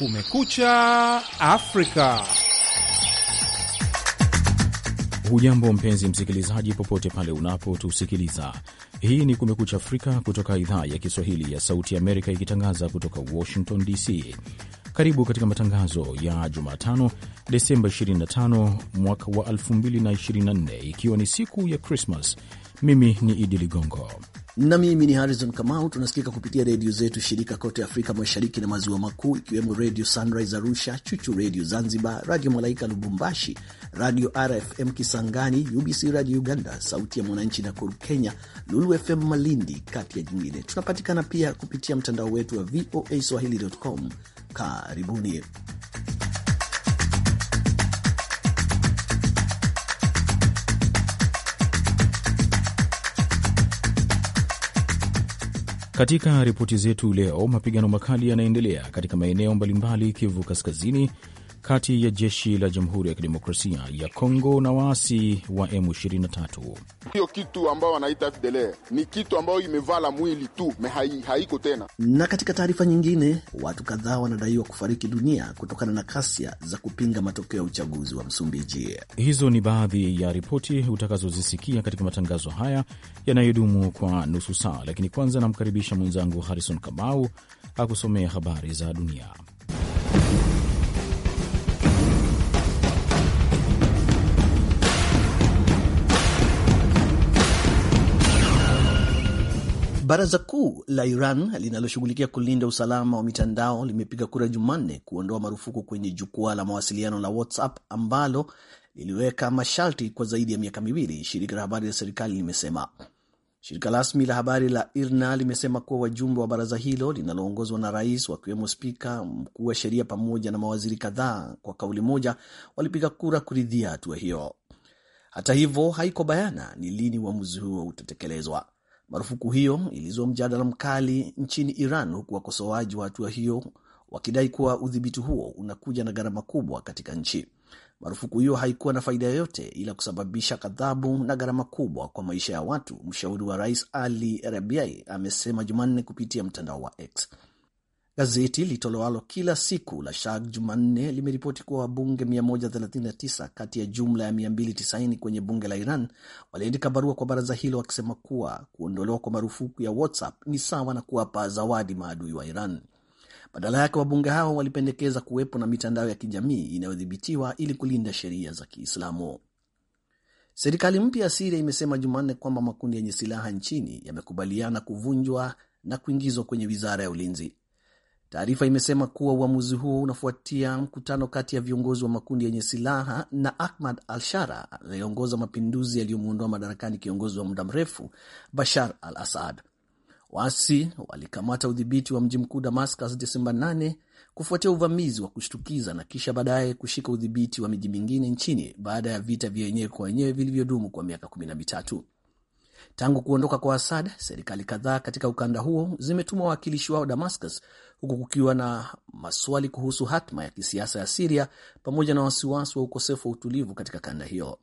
Kumekucha Afrika. Hujambo mpenzi msikilizaji, popote pale unapotusikiliza. Hii ni Kumekucha Afrika kutoka idhaa ya Kiswahili ya Sauti Amerika, ikitangaza kutoka Washington DC. Karibu katika matangazo ya Jumatano, Desemba 25 mwaka wa 2024, ikiwa ni siku ya Krismas. Mimi ni Idi Ligongo na mimi ni Harrison Kamau. Tunasikika kupitia redio zetu shirika kote Afrika Mashariki na Maziwa Makuu, ikiwemo Redio Sunrise Arusha, Chuchu Redio Zanzibar, Radio Malaika Lubumbashi, Radio RFM Kisangani, UBC Radio Uganda, Sauti ya Mwananchi Nakuru Kenya, Lulu FM Malindi, kati ya jingine. Tunapatikana pia kupitia mtandao wetu wa VOA Swahili.com. Karibuni. Katika ripoti zetu leo, mapigano makali yanaendelea katika maeneo mbalimbali Kivu Kaskazini, kati ya jeshi la Jamhuri ya Kidemokrasia ya Kongo na waasi wa M23. Hiyo kitu ambayo wanaita FDLR ni kitu ambayo imevala mwili tu haiko tena. Na katika taarifa nyingine, watu kadhaa wanadaiwa kufariki dunia kutokana na kasia za kupinga matokeo ya uchaguzi wa Msumbiji. Hizo ni baadhi ya ripoti utakazozisikia katika matangazo haya yanayodumu kwa nusu saa, lakini kwanza namkaribisha mwenzangu Harrison Kamau akusomea habari za dunia. Baraza Kuu la Iran linaloshughulikia kulinda usalama wa mitandao limepiga kura Jumanne kuondoa marufuku kwenye jukwaa la mawasiliano la WhatsApp ambalo liliweka masharti kwa zaidi ya miaka miwili, shirika la habari la serikali limesema. Shirika rasmi la habari la IRNA limesema kuwa wajumbe wa baraza hilo linaloongozwa na rais, wakiwemo spika, mkuu wa sheria pamoja na mawaziri kadhaa, kwa kauli moja walipiga kura kuridhia hatua hiyo. Hata hivyo, haiko bayana ni lini uamuzi huo utatekelezwa. Marufuku hiyo ilizua mjadala mkali nchini Iran, huku wakosoaji wa hatua hiyo wakidai kuwa udhibiti huo unakuja na gharama kubwa katika nchi. Marufuku hiyo haikuwa na faida yoyote ila kusababisha ghadhabu na gharama kubwa kwa maisha ya watu, mshauri wa rais Ali Rabiei amesema Jumanne kupitia mtandao wa X. Gazeti litolewalo kila siku la Sharq Jumanne limeripoti kuwa wabunge 139 kati ya jumla ya 290 kwenye bunge la Iran waliandika barua kwa baraza hilo wakisema kuwa kuondolewa kwa marufuku ya WhatsApp ni sawa na kuwapa zawadi maadui wa Iran. Badala yake wabunge hao walipendekeza kuwepo na mitandao ya kijamii inayodhibitiwa ili kulinda sheria za Kiislamu. Serikali mpya ya Siria imesema Jumanne kwamba makundi yenye silaha nchini yamekubaliana kuvunjwa na kuingizwa kwenye wizara ya ulinzi. Taarifa imesema kuwa uamuzi huo unafuatia mkutano kati ya viongozi wa makundi yenye silaha na Ahmad al-Shara anayeongoza mapinduzi yaliyomwondoa madarakani kiongozi wa muda mrefu Bashar al-Assad. Waasi walikamata udhibiti wa mji mkuu Damascus Desemba 8 kufuatia uvamizi wa kushtukiza na kisha baadaye kushika udhibiti wa miji mingine nchini baada ya vita vya wenyewe kwa wenyewe vilivyodumu kwa miaka kumi na mitatu. Tangu kuondoka kwa Assad, serikali kadhaa katika ukanda huo zimetuma wawakilishi wao Damascus huku kukiwa na maswali kuhusu hatma ya kisiasa ya Siria pamoja na wasiwasi wa ukosefu wa utulivu katika kanda hiyo.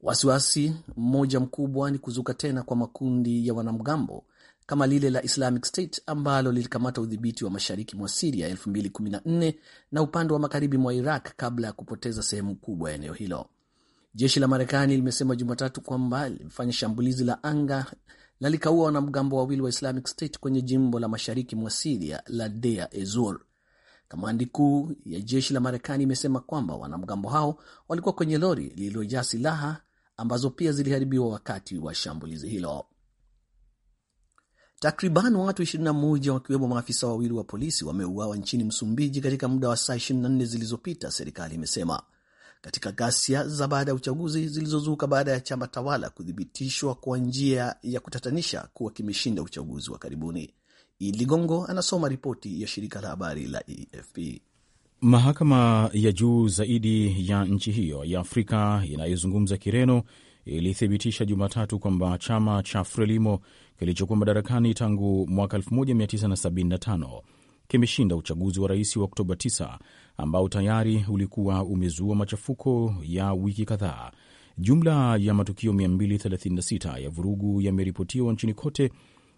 Wasiwasi mmoja mkubwa ni kuzuka tena kwa makundi ya wanamgambo kama lile la Islamic State ambalo lilikamata udhibiti wa mashariki mwa Siria 2014 na upande wa magharibi mwa Iraq kabla ya kupoteza sehemu kubwa ya eneo hilo. Jeshi la Marekani limesema Jumatatu kwamba limefanya shambulizi la anga na likaua wanamgambo wawili wa Islamic State kwenye jimbo la mashariki mwa Siria la dea ezur Kamandi kuu ya jeshi la Marekani imesema kwamba wanamgambo hao walikuwa kwenye lori lililojaa silaha ambazo pia ziliharibiwa wakati wa shambulizi hilo. Takriban watu 21 wakiwemo maafisa wawili wa polisi wameuawa nchini Msumbiji katika muda wa saa 24 zilizopita, serikali imesema katika ghasia za baada ya uchaguzi zilizozuka baada ya chama tawala kuthibitishwa kwa njia ya kutatanisha kuwa kimeshinda uchaguzi wa karibuni. Idi Ligongo anasoma ripoti ya shirika la habari la AFP. E Mahakama ya juu zaidi ya nchi hiyo ya Afrika inayozungumza Kireno ilithibitisha Jumatatu kwamba chama cha Frelimo kilichokuwa madarakani tangu mwaka 1975 kimeshinda uchaguzi wa rais wa Oktoba 9 ambao tayari ulikuwa umezua machafuko ya wiki kadhaa. Jumla ya matukio 236 ya vurugu yameripotiwa nchini kote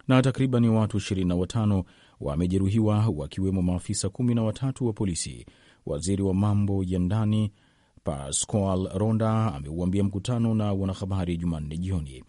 na takriban watu 25 wamejeruhiwa wakiwemo maafisa 13 wa polisi. Waziri wa mambo ya ndani Pascal Ronda ameuambia mkutano na wanahabari Jumanne jioni,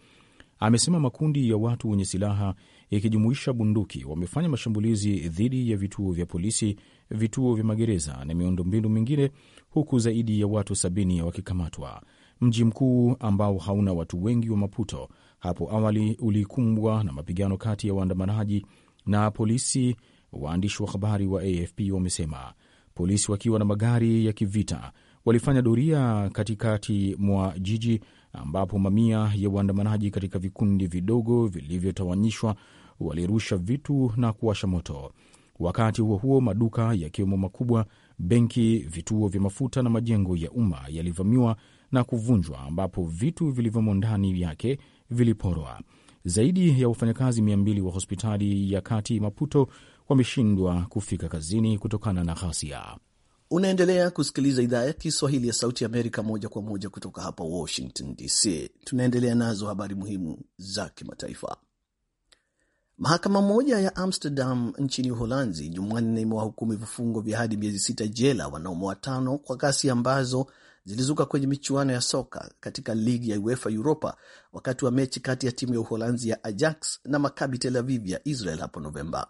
amesema makundi ya watu wenye silaha ikijumuisha bunduki wamefanya mashambulizi dhidi ya vituo vya polisi, vituo vya magereza na miundombinu mingine, huku zaidi ya watu sabini wakikamatwa. Mji mkuu ambao hauna watu wengi wa Maputo hapo awali ulikumbwa na mapigano kati ya waandamanaji na polisi, waandishi wa habari wa AFP wamesema, polisi wakiwa na magari ya kivita walifanya doria katikati mwa jiji ambapo mamia ya waandamanaji katika vikundi vidogo vilivyotawanyishwa walirusha vitu na kuwasha moto. Wakati huo huo, maduka yakiwemo makubwa, benki, vituo vya mafuta na majengo ya umma yalivamiwa na kuvunjwa, ambapo vitu vilivyomo ndani yake viliporwa. Zaidi ya wafanyakazi mia mbili wa hospitali ya kati Maputo wameshindwa kufika kazini kutokana na ghasia. Unaendelea kusikiliza idhaa ya Kiswahili ya Sauti ya Amerika moja kwa moja kutoka hapa Washington DC. Tunaendelea nazo habari muhimu za kimataifa. Mahakama moja ya Amsterdam nchini Uholanzi Jumanne imewahukumu vifungo vya hadi miezi sita jela wanaume watano kwa ghasia ambazo zilizuka kwenye michuano ya soka katika ligi ya UEFA Europa wakati wa mechi kati ya timu ya Uholanzi ya Ajax na Makabi Tel Aviv ya Israel hapo Novemba.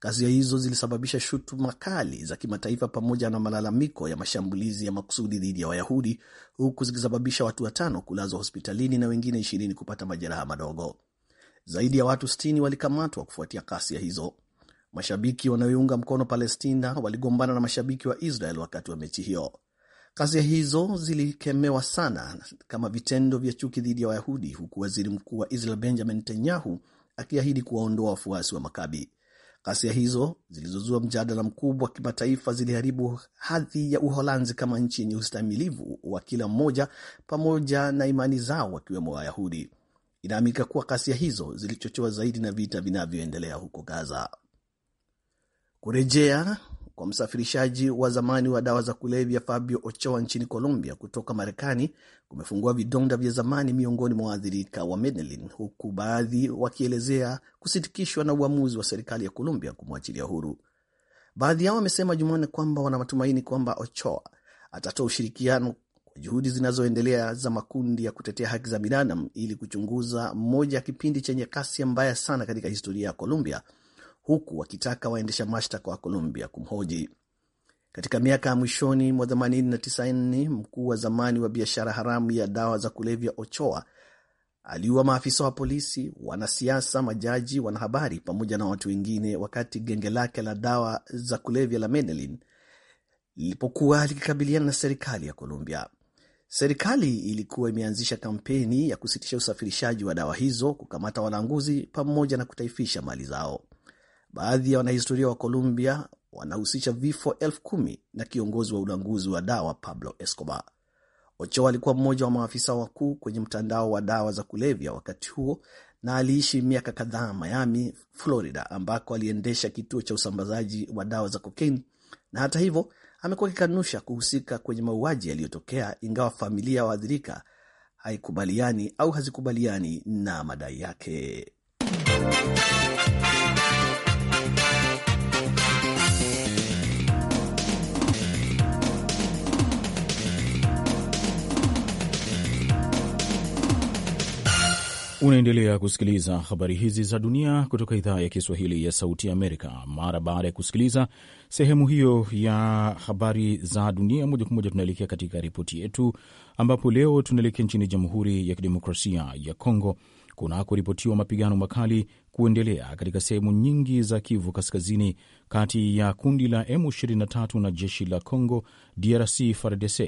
Ghasia hizo zilisababisha shutuma kali za kimataifa pamoja na malalamiko ya mashambulizi ya makusudi dhidi ya Wayahudi, huku zikisababisha watu watano kulazwa hospitalini na wengine ishirini kupata majeraha madogo. Zaidi ya watu sitini walikamatwa kufuatia ghasia hizo. Mashabiki wanaoiunga mkono Palestina waligombana na mashabiki wa Israel wakati wa mechi hiyo. Ghasia hizo zilikemewa sana kama vitendo vya chuki dhidi ya Wayahudi, huku waziri mkuu wa Israel Benjamin Netanyahu akiahidi kuwaondoa wafuasi wa Makabi. Ghasia hizo zilizozua mjadala mkubwa wa kimataifa ziliharibu hadhi ya Uholanzi kama nchi yenye ustamilivu wa kila mmoja pamoja na imani zao wakiwemo Wayahudi. Inaaminika kuwa ghasia hizo zilichochewa zaidi na vita vinavyoendelea huko Gaza. Kurejea kwa msafirishaji wa zamani wa dawa za kulevya Fabio Ochoa nchini Colombia kutoka Marekani kumefungua vidonda vya zamani miongoni mwa waathirika wa Medellin, huku baadhi wakielezea kusitikishwa na uamuzi wa serikali ya Colombia kumwachilia huru. Baadhi yao wamesema Jumanne kwamba wana matumaini kwamba Ochoa atatoa ushirikiano kwa juhudi zinazoendelea za makundi ya kutetea haki za binadamu ili kuchunguza moja ya kipindi chenye kasi mbaya sana katika historia ya Colombia huku wakitaka waendesha mashtaka wa Colombia kumhoji. Katika miaka ya mwishoni mwa themanini na 90, mkuu wa zamani wa biashara haramu ya dawa za kulevya Ochoa aliua maafisa wa polisi, wanasiasa, majaji, wanahabari pamoja na watu wengine, wakati genge lake la dawa za kulevya la Medellin lilipokuwa likikabiliana na serikali ya Colombia. Serikali ilikuwa imeanzisha kampeni ya kusitisha usafirishaji wa dawa hizo, kukamata walanguzi pamoja na kutaifisha mali zao. Baadhi ya wanahistoria wa Colombia wanahusisha vifo elfu kumi na kiongozi wa ulanguzi wa dawa Pablo Escobar. Ochoa alikuwa mmoja wa maafisa wakuu kwenye mtandao wa dawa za kulevya wakati huo na aliishi miaka kadhaa Miami, Florida, ambako aliendesha kituo cha usambazaji wa dawa za kokaini, na hata hivyo amekuwa akikanusha kuhusika kwenye mauaji yaliyotokea, ingawa familia ya waathirika haikubaliani au hazikubaliani na madai yake. Unaendelea kusikiliza habari hizi za dunia kutoka idhaa ya Kiswahili ya Sauti Amerika. Mara baada ya kusikiliza sehemu hiyo ya habari za dunia, moja kwa moja tunaelekea katika ripoti yetu, ambapo leo tunaelekea nchini Jamhuri ya Kidemokrasia ya Kongo kunakoripotiwa mapigano makali kuendelea katika sehemu nyingi za Kivu Kaskazini kati ya kundi la M23 na jeshi la Congo DRC FARDC,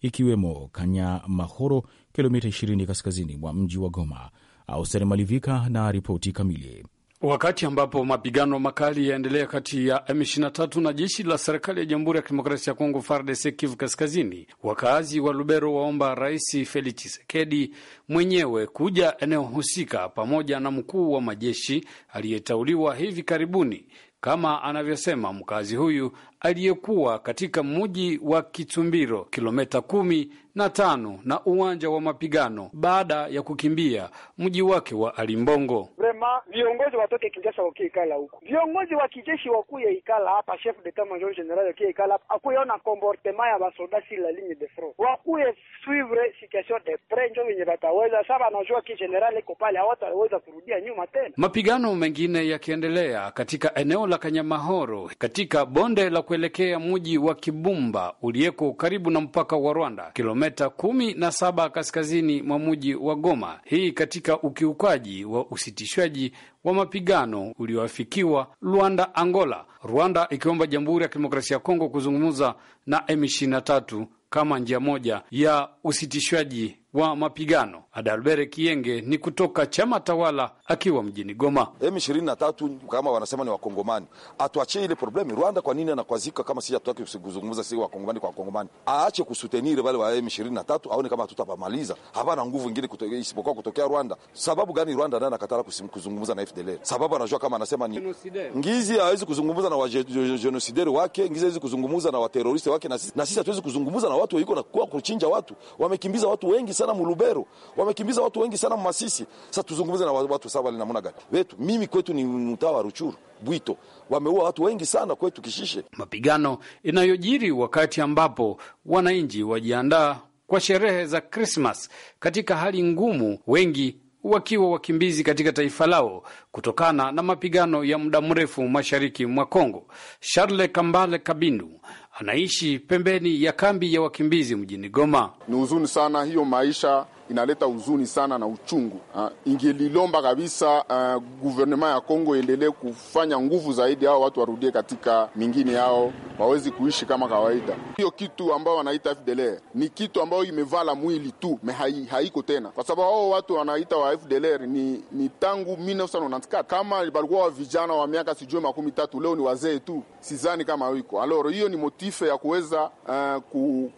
ikiwemo Kanyamahoro, kilomita 20 kaskazini mwa mji wa Goma. Austeri Malivika na ripoti kamili. Wakati ambapo mapigano makali yaendelea kati ya M23 na jeshi la serikali ya Jamhuri ya Kidemokrasia ya Kongo FARDC Kivu Kaskazini, wakaazi wa Lubero waomba Rais Felix Tshisekedi mwenyewe kuja eneo husika pamoja na mkuu wa majeshi aliyeteuliwa hivi karibuni, kama anavyosema mkazi huyu aliyekuwa katika mji wa Kitsumbiro, kilomita kumi na tano na uwanja wa mapigano baada ya kukimbia mji wake wa Alimbongo. Vrema viongozi watoke Kinshasa wakie ikala huko, viongozi wa kijeshi wakuye ikala hapa, chef de etat major general wakie ikala hapa, akuyeona komportema ya basoda si la ligne de front, wakuye suivre situation de pre, njo venye bataweza sa banajua ki general iko pale, hawataweza kurudia nyuma tena. Mapigano mengine yakiendelea katika eneo la Kanyamahoro katika bonde la kuelekea mji wa Kibumba uliyeko karibu na mpaka wa Rwanda, kilomita kumi na saba kaskazini mwa mji wa Goma. Hii katika ukiukaji wa usitishwaji wa mapigano ulioafikiwa Luanda Angola, Rwanda ikiomba Jamhuri ya Kidemokrasia ya Kongo kuzungumza na M23 kama njia moja ya usitishwaji wa mapigano. Adalbere Kienge ni kutoka chama tawala akiwa mjini Goma. M23 kama wanasema ni Wakongomani, atuachie ile problemi. Rwanda kwa nini anakwazika kama sisi hatutaki kuzungumza sisi Wakongomani kwa Wakongomani? Aache kusutenire wale wa M23, aone kama hatutapamaliza. Hapana nguvu ingine isipokuwa kutokea Rwanda. Sababu gani Rwanda naye anakatara kuzungumza na FDLR? Sababu anajua kama anasema ni Ngizi hawezi kuzungumza na wajenosideri wake, Ngizi hawezi kuzungumza na wateroriste wake, na sisi hatuwezi kuzungumza na watu waiko na kuchinja watu, wamekimbiza watu wengi sana sana Mulubero, wamekimbiza watu wengi sana Masisi. Sasa tuzungumze na watu sawa ni namna gani? Wetu mimi kwetu ni mtaa wa Ruchuru Bwito, wameua watu wengi sana kwetu Kishishe. Mapigano inayojiri wakati ambapo wananchi wajiandaa kwa sherehe za Krismas katika hali ngumu, wengi wakiwa wakimbizi katika taifa lao kutokana na mapigano ya muda mrefu mashariki mwa Kongo. Charles Kambale Kabindu anaishi pembeni ya kambi ya wakimbizi mjini Goma. Ni huzuni sana hiyo maisha inaleta huzuni sana na uchungu. Ah, ingelilomba kabisa uh, guvernema ya Kongo iendelee kufanya nguvu zaidi, hao watu warudie katika mingine yao, wawezi kuishi kama kawaida. Hiyo kitu ambayo wanaita FDLR ni kitu ambayo imevala mwili tu me haiko tena, kwa sababu hao watu wanaita wa FDLR ni, ni tangu 1994 kama walikuwa wa vijana wa miaka sijui makumi tatu, leo ni wazee tu, sizani kama wiko aloro. Hiyo ni motife ya kuweza uh,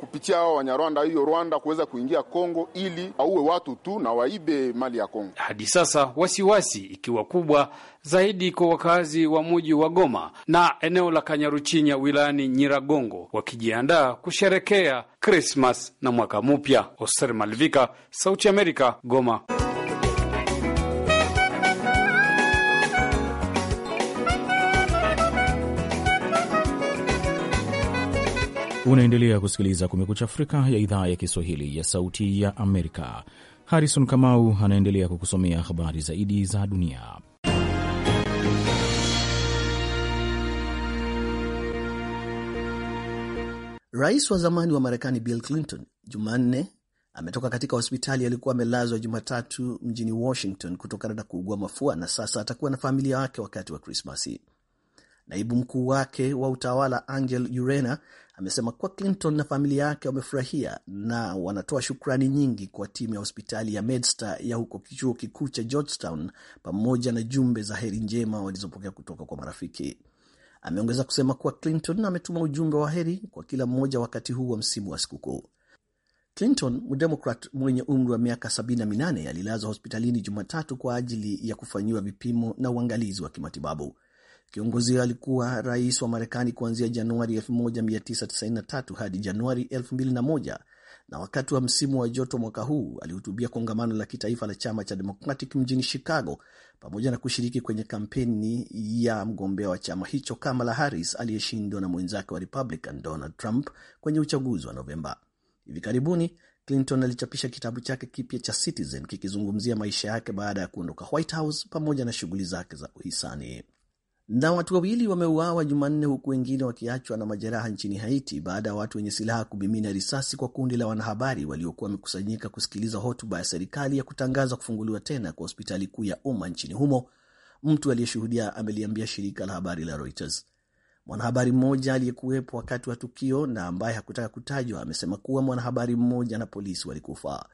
kupitia hao Wanyarwanda, hiyo Rwanda kuweza kuingia Kongo ili auwe watu tu na waibe mali ya Kongo. Hadi sasa wasiwasi ikiwa kubwa zaidi kwa wakazi wa muji wa Goma na eneo la Kanyaruchinya wilayani Nyiragongo, wakijiandaa kusherekea Krismas na mwaka mpya. Oser Malvika, Sauti Amerika, Goma. Unaendelea kusikiliza Kumekucha Afrika ya idhaa ya Kiswahili ya Sauti ya Amerika. Harrison Kamau anaendelea kukusomea habari zaidi za dunia. Rais wa zamani wa Marekani Bill Clinton Jumanne ametoka katika hospitali alikuwa amelazwa Jumatatu mjini Washington kutokana na kuugua mafua, na sasa atakuwa na familia yake wakati wa Krismasi. Naibu mkuu wake wa utawala Angel Urena amesema kuwa Clinton na familia yake wamefurahia na wanatoa shukrani nyingi kwa timu ya hospitali ya MedStar ya huko chuo kikuu cha Georgetown pamoja na jumbe za heri njema walizopokea kutoka kwa marafiki. Ameongeza kusema kuwa Clinton ametuma ujumbe wa heri kwa kila mmoja wakati huu wa msimu wa sikukuu. Clinton, mdemokrat mwenye umri wa miaka 78, alilazwa hospitalini Jumatatu kwa ajili ya kufanyiwa vipimo na uangalizi wa kimatibabu. Kiongozi alikuwa rais wa Marekani kuanzia Januari 1993 hadi Januari 2001, na wakati wa msimu wa joto mwaka huu alihutubia kongamano la kitaifa la chama cha Democratic mjini Chicago, pamoja na kushiriki kwenye kampeni ya mgombea wa chama hicho Kamala Harris aliyeshindwa na mwenzake wa Republican Donald Trump kwenye uchaguzi wa Novemba. Hivi karibuni Clinton alichapisha kitabu chake kipya cha Citizen kikizungumzia maisha yake baada ya kuondoka White House pamoja na shughuli zake za uhisani. Na watu wawili wameuawa Jumanne, huku wengine wakiachwa na majeraha nchini Haiti baada ya watu wenye silaha kumimina risasi kwa kundi la wanahabari waliokuwa wamekusanyika kusikiliza hotuba ya serikali ya kutangaza kufunguliwa tena kwa hospitali kuu ya umma nchini humo. Mtu aliyeshuhudia ameliambia shirika la habari la Reuters. Mwanahabari mmoja aliyekuwepo wakati wa tukio na ambaye hakutaka kutajwa amesema kuwa mwanahabari mmoja na polisi walikufa.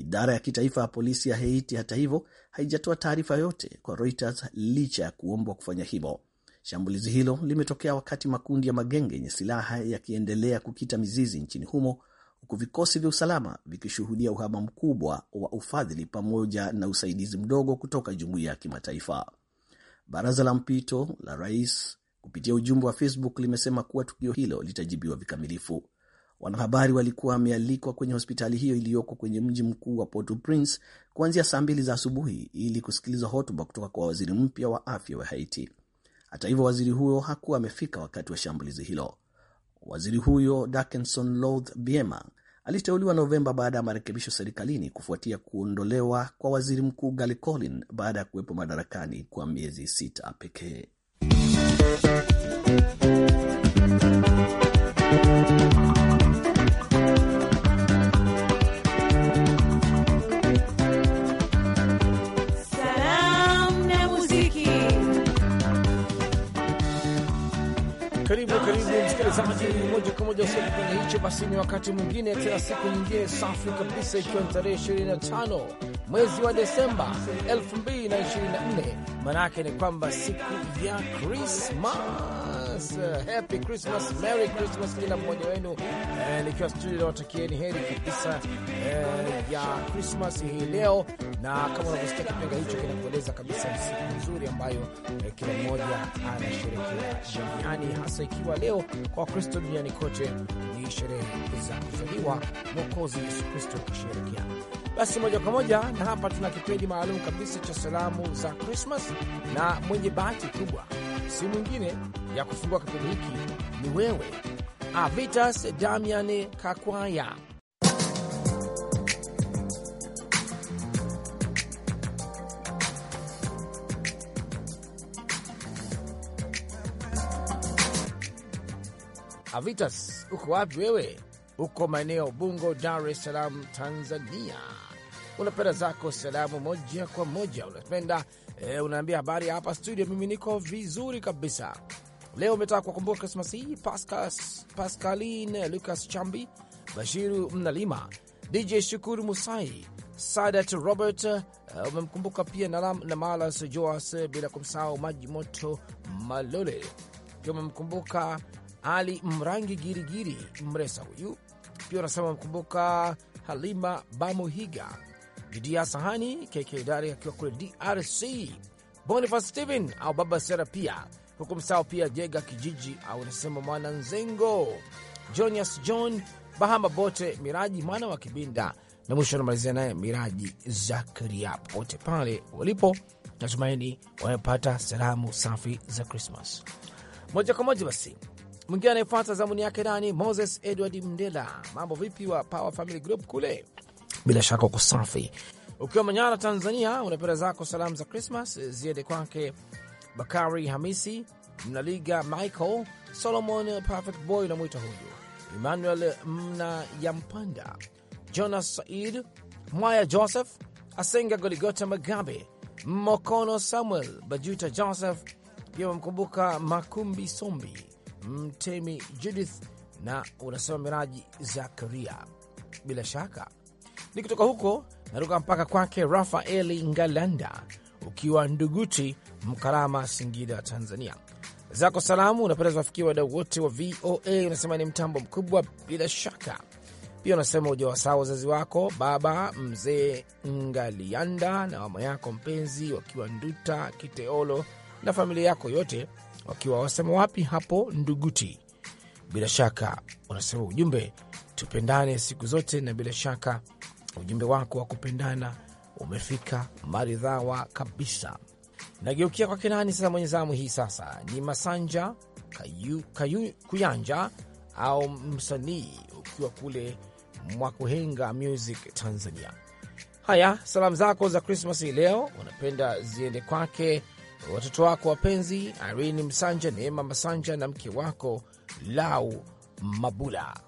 Idara ya kitaifa ya polisi ya Haiti, hata hivyo, haijatoa taarifa yote kwa Reuters licha ya kuombwa kufanya hivyo. Shambulizi hilo limetokea wakati makundi ya magenge yenye silaha yakiendelea kukita mizizi nchini humo huku vikosi vya usalama vikishuhudia uhaba mkubwa wa ufadhili pamoja na usaidizi mdogo kutoka jumuiya ya kimataifa. Baraza la mpito la rais kupitia ujumbe wa Facebook limesema kuwa tukio hilo litajibiwa vikamilifu. Wanahabari walikuwa wamealikwa kwenye hospitali hiyo iliyoko kwenye mji mkuu wa Port-au-Prince kuanzia saa mbili za asubuhi ili kusikiliza hotuba kutoka kwa waziri mpya wa afya wa Haiti. Hata hivyo, waziri huyo hakuwa amefika wakati wa shambulizi hilo. Waziri huyo Dickinson Lorth Biema aliteuliwa Novemba baada ya marekebisho serikalini kufuatia kuondolewa kwa waziri mkuu Gali baada ya kuwepo madarakani kwa miezi sita pekee. Karibu karibu msikilizaji, moja kwa moja usia kipande hicho. Basi ni wakati mwingine tena, siku nyingine safi kabisa, ikiwa ni tarehe 25 mwezi wa Desemba 2024 maana yake ni kwamba siku ya Krismas Christmas, uh, happy Christmas, merry Christmas kila mmoja wenu eh, nikiwa studio nawatakieni heri kabisa eh, ya Christmas hii leo, na kama unavyosikia kipenga hicho kinakueleza kabisa siku nzuri ambayo eh, kila mmoja anasherekea duniani, hasa ikiwa leo kwa Wakristo duniani kote ni sherehe za kuzaliwa Mwokozi Yesu Kristo akisherekea basi moja kwa moja na hapa tuna kipindi maalum kabisa cha salamu za Krismas, na mwenye bahati kubwa si mwingine ya kufungua kipindi hiki ni wewe Avitas Damian Kakwaya. Avitas, uko wapi wewe? Uko maeneo ya Ubungo, Dar es Salaam, Tanzania. Unapenda zako salamu moja kwa moja, unapenda E, unaambia habari hapa studio. Mimi niko vizuri kabisa. Leo umetaka kuwakumbuka Krismasi hii Pascal, Pascaline Lucas Chambi, Bashiru Mnalima, DJ Shukuru Musai, Sadat Robert eh, umemkumbuka pia Nalam na Malas Joas, bila kumsahau Maji Moto Malole, pia umemkumbuka Ali Mrangi Girigiri Mresa, huyu pia unasema umemkumbuka Halima Bamuhiga Judia Sahani KK Dari akiwa kule DRC, Boniface Steven au Baba Sera pia huku msao pia Jega kijiji au nasema mwana Nzengo, Jonias John Bahama bote, Miraji mwana wa Kibinda na mwisho anamalizia naye Miraji Zakaria. Popote pale walipo, natumaini wamepata salamu safi za Krismas. Moja kwa moja basi, mwingine anayefata zamuni yake nani? Moses Edward Mndela, mambo vipi wa Power Family Group kule bila shaka uko safi ukiwa Manyara, Tanzania, unapenda zako salamu za Krismas eh, ziende kwake Bakari Hamisi Mnaliga, Michael Solomon, eh, Perfect Boy unamwita huyu, Emmanuel Mna Yampanda, Jonas Said Mwaya, Joseph Asenga, Goligota Magabe, Mokono Samuel, Bajuta Joseph, pia wamkumbuka Makumbi Sombi, Mtemi Judith na unasema Miraji Zakaria. Bila shaka Nikitoka huko naruka mpaka kwake Rafaeli Ngalanda, ukiwa Nduguti, Mkarama, Singida, Tanzania. Zako salamu unapenda wafikia wadau wote wa VOA, unasema ni mtambo mkubwa bila shaka. Pia unasema ujawasaa wazazi wako, baba mzee Ngalianda na mama yako mpenzi wakiwa Nduta Kiteolo na familia yako yote wakiwa wasema wapi hapo Nduguti. Bila shaka unasema ujumbe, tupendane siku zote, na bila shaka Ujumbe wako wa kupendana umefika maridhawa kabisa. Nageukia kwake nani sasa mwenye zamu hii? Sasa ni Masanja Kayu, Kayu, Kuyanja au msanii ukiwa kule Mwakuhenga Music Tanzania. Haya, salamu zako za Krismas hii leo unapenda ziende kwake watoto wako wapenzi Irene Msanja, Neema Masanja na mke wako Lau Mabula.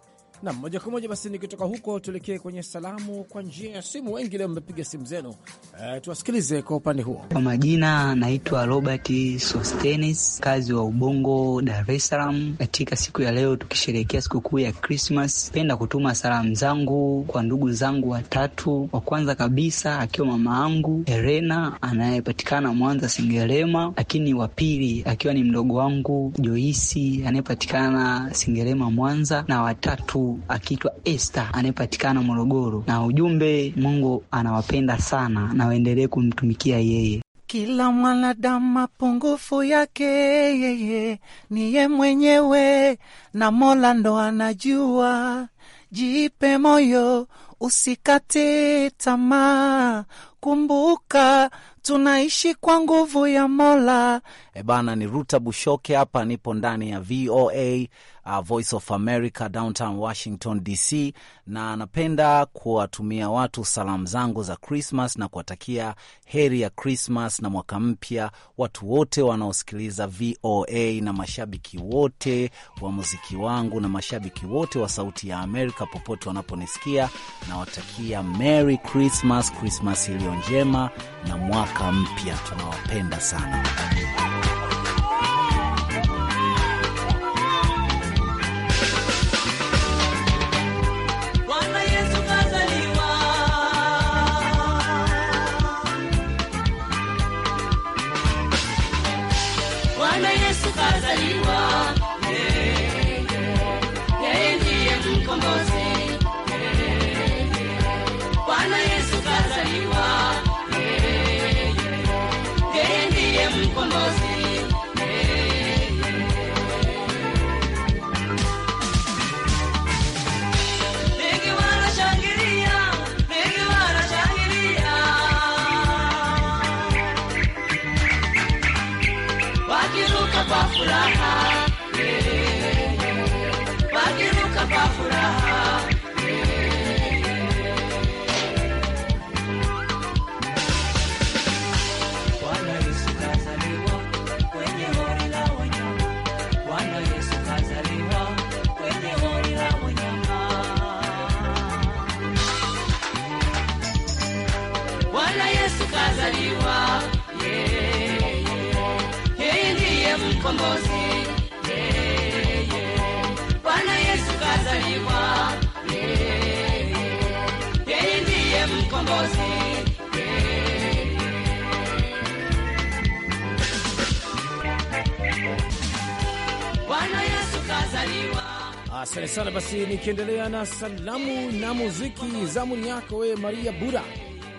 Nam moja kwa moja basi, nikitoka huko tuelekee kwenye salamu kwa njia ya simu. Wengi leo mmepiga simu zenu, e, tuwasikilize kwa upande huo. Kwa majina naitwa Robert Sostenis, kazi wa Ubongo, Dar es Salaam. Katika siku ya leo tukisherehekea sikukuu ya Krismas, penda kutuma salamu zangu kwa ndugu zangu watatu. Wa kwanza kabisa akiwa mama angu herena anayepatikana Mwanza singerema lakini wa pili akiwa ni mdogo wangu Joisi anayepatikana singerema Mwanza, na watatu akiitwa Esther anayepatikana Morogoro, na ujumbe, Mungu anawapenda sana na waendelee kumtumikia yeye. Kila mwanadamu mapungufu yake, yeye ni ye mwenyewe, na Mola ndo anajua. Jipe moyo, usikate tamaa, kumbuka tunaishi kwa nguvu ya Mola. E bana, ni Ruta Bushoke hapa, nipo ndani ya VOA uh, Voice of America downtown Washington DC, na napenda kuwatumia watu salamu zangu za Krismas na kuwatakia heri ya Krismas na mwaka mpya watu wote wanaosikiliza VOA na mashabiki wote wa muziki wangu na mashabiki wote wa Sauti ya Amerika popote wanaponisikia, nawatakia Merry Christmas, Krismas iliyo njema na mwaka mpya. Tunawapenda sana. basi, nikiendelea na salamu na muziki, zamuni yako wewe Maria Bura,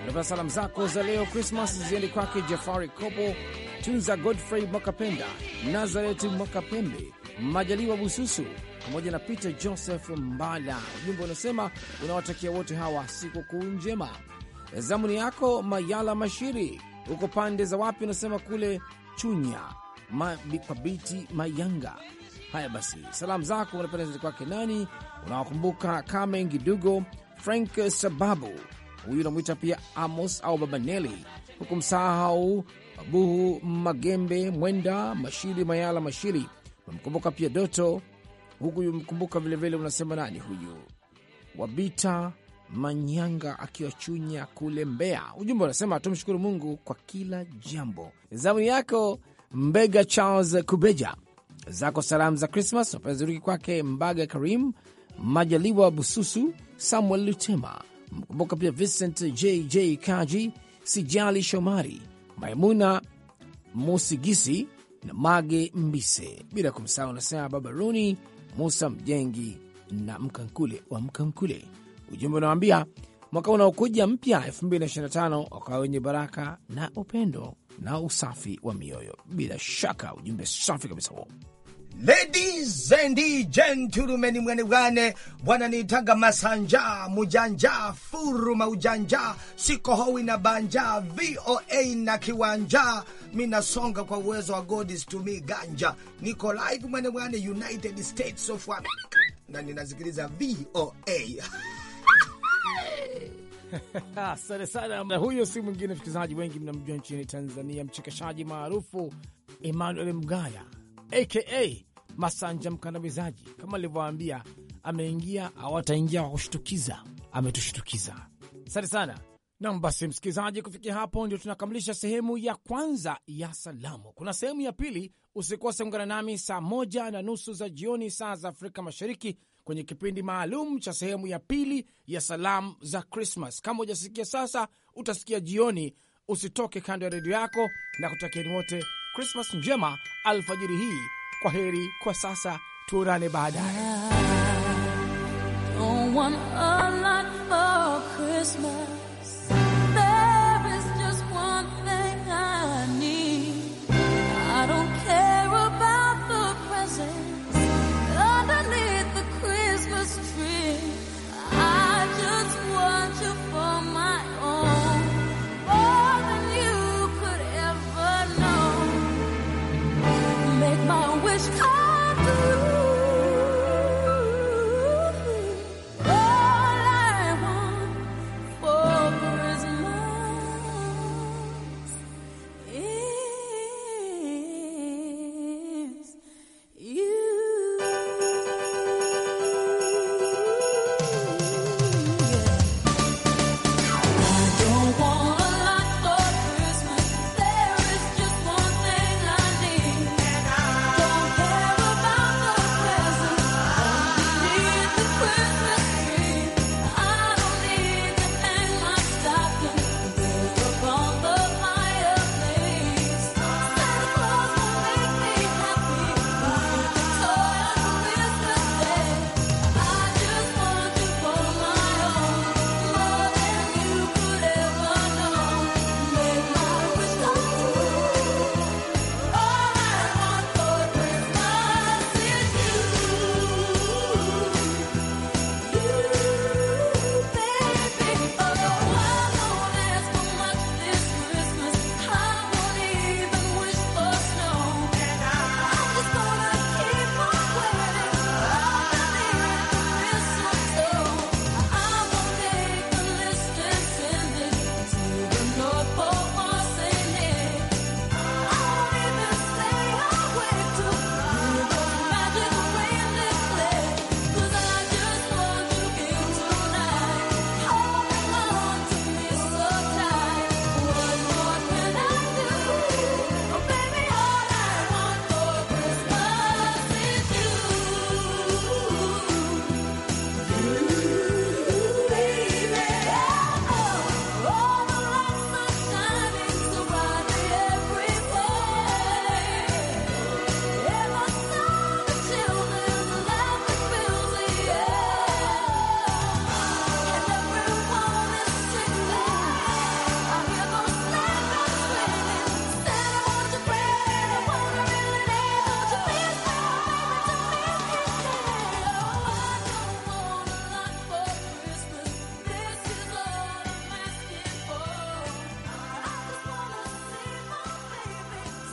unapata salamu zako za leo Krismas ziende kwake Jafari Kopo, Tunza Godfrey Mwakapenda, Nazareti Mwakapembe, Majaliwa Bususu pamoja na Peter Joseph Mbala. Ujumbe unasema unawatakia wote hawa sikukuu njema. Zamuni yako Mayala Mashiri, huko pande za wapi? Unasema kule Chunya Mabiti Mayanga Haya basi, salamu zako unapenda zili kwake nani? Unawakumbuka Kame Ngidugo, Frank Sababu, huyu unamwita pia Amos au Baba Neli, huku msahau Babuhu Magembe, Mwenda Mashiri, Mayala Mashiri. Unamkumbuka pia Doto huku mkumbuka vilevile. Unasema nani huyu Wabita Manyanga akiwa Chunya kule Mbeya. Ujumbe unasema tumshukuru Mungu kwa kila jambo. Zamu yako Mbega Charles Kubeja zako salamu za Krismas napeziruki kwake Mbaga Karim Majaliwa Bususu, Samuel Lutema, mkumbuka pia Vincent JJ Kaji, Sijali Shomari, Maimuna Musigisi na Mage Mbise, bila kumsahau unasema Baba Runi Musa Mjengi na Mkankule wa Mkankule. Ujumbe unawambia mwaka unaokuja mpya 2025 wakawa wenye baraka na upendo na usafi wa mioyo. Bila shaka ujumbe safi kabisa huo. Ladies and gentlemen, wane bwana nitanga masanja mujanja furu maujanja sikohowi na banja VOA na kiwanja minasonga kwa uwezo wa God me ganja niko live wane United States of America na ninasikiliza VOA Asante sana. Na huyo si mwingine, msikilizaji wengi mnamjua nchini Tanzania, mchekeshaji maarufu Emmanuel Mgaya aka Masanja mkandamizaji. Kama alivyoambia, ameingia au ataingia kwa kushtukiza, ametushtukiza. Asante sana. Nam, basi msikilizaji, kufikia hapo ndio tunakamilisha sehemu ya kwanza ya salamu. Kuna sehemu ya pili Usikose kuungana nami saa moja na nusu za jioni, saa za Afrika Mashariki, kwenye kipindi maalum cha sehemu ya pili ya salamu za Krismas. Kama hujasikia sasa, utasikia jioni. Usitoke kando ya redio yako, na kutakieni wote Krismas njema alfajiri hii. Kwa heri kwa sasa, tuonane baadaye.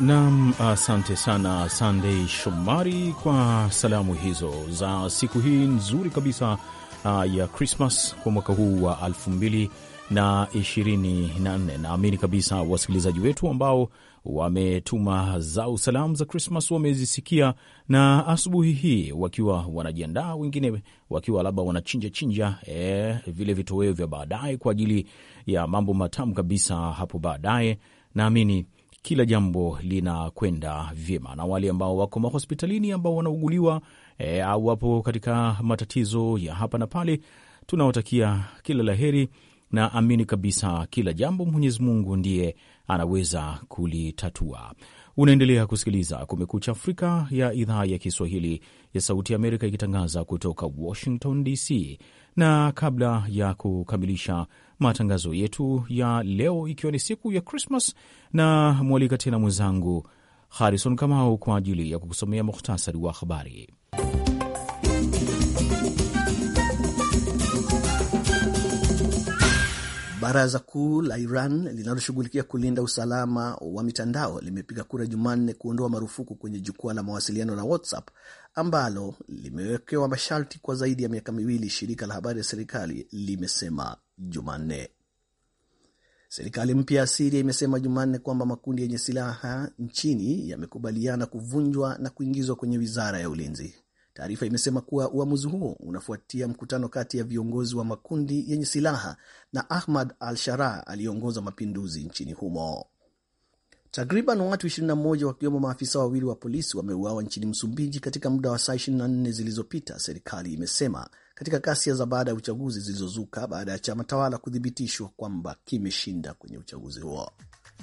Nam, asante sana Sandei Shomari kwa salamu hizo za siku hii nzuri kabisa uh, ya Krismas kwa mwaka huu wa 2024. Naamini kabisa wasikilizaji wetu ambao wametuma zao salamu za Krismas wamezisikia, na asubuhi hii wakiwa wanajiandaa, wengine wakiwa labda wanachinja chinja e, vile vitoweo vya baadaye kwa ajili ya mambo matamu kabisa hapo baadaye. Naamini kila jambo linakwenda vyema, na wale ambao wako mahospitalini ambao wanauguliwa e, au wapo katika matatizo ya hapa na pale, tunawatakia kila la heri na amini kabisa kila jambo Mwenyezi Mungu ndiye anaweza kulitatua. Unaendelea kusikiliza Kumekucha Afrika ya idhaa ya Kiswahili ya Sauti ya Amerika ikitangaza kutoka Washington DC, na kabla ya kukamilisha matangazo yetu ya leo, ikiwa ni siku ya Krismas, na mwalika tena mwenzangu Harison Kamau kwa ajili ya kukusomea muhtasari wa habari. Baraza kuu la Iran linaloshughulikia kulinda usalama wa mitandao limepiga kura Jumanne kuondoa marufuku kwenye jukwaa la mawasiliano la WhatsApp ambalo limewekewa masharti kwa zaidi ya miaka miwili, shirika la habari ya serikali limesema. Jumanne. Serikali mpya ya Siria imesema Jumanne kwamba makundi yenye silaha nchini yamekubaliana kuvunjwa na kuingizwa kwenye wizara ya ulinzi. Taarifa imesema kuwa uamuzi huo unafuatia mkutano kati ya viongozi wa makundi yenye silaha na Ahmad al Sharaa aliyeongoza mapinduzi nchini humo. Takriban watu 21 wakiwemo maafisa wawili wa polisi wameuawa nchini Msumbiji katika muda wa saa 24 zilizopita, serikali imesema katika ghasia za baada ya uchaguzi zilizozuka baada ya chama tawala kuthibitishwa kwamba kimeshinda kwenye uchaguzi huo.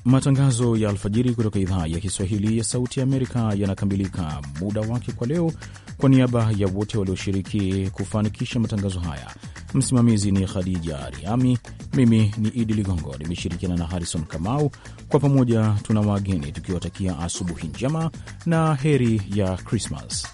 Matangazo ya alfajiri kutoka idhaa ya Kiswahili ya Sauti Amerika yanakamilika muda wake kwa leo. Kwa niaba ya wote walioshiriki kufanikisha matangazo haya, msimamizi ni Khadija Riami, mimi ni Idi Ligongo, nimeshirikiana na Harrison Kamau. Kwa pamoja tuna wageni tukiwatakia asubuhi njema na heri ya Krismas.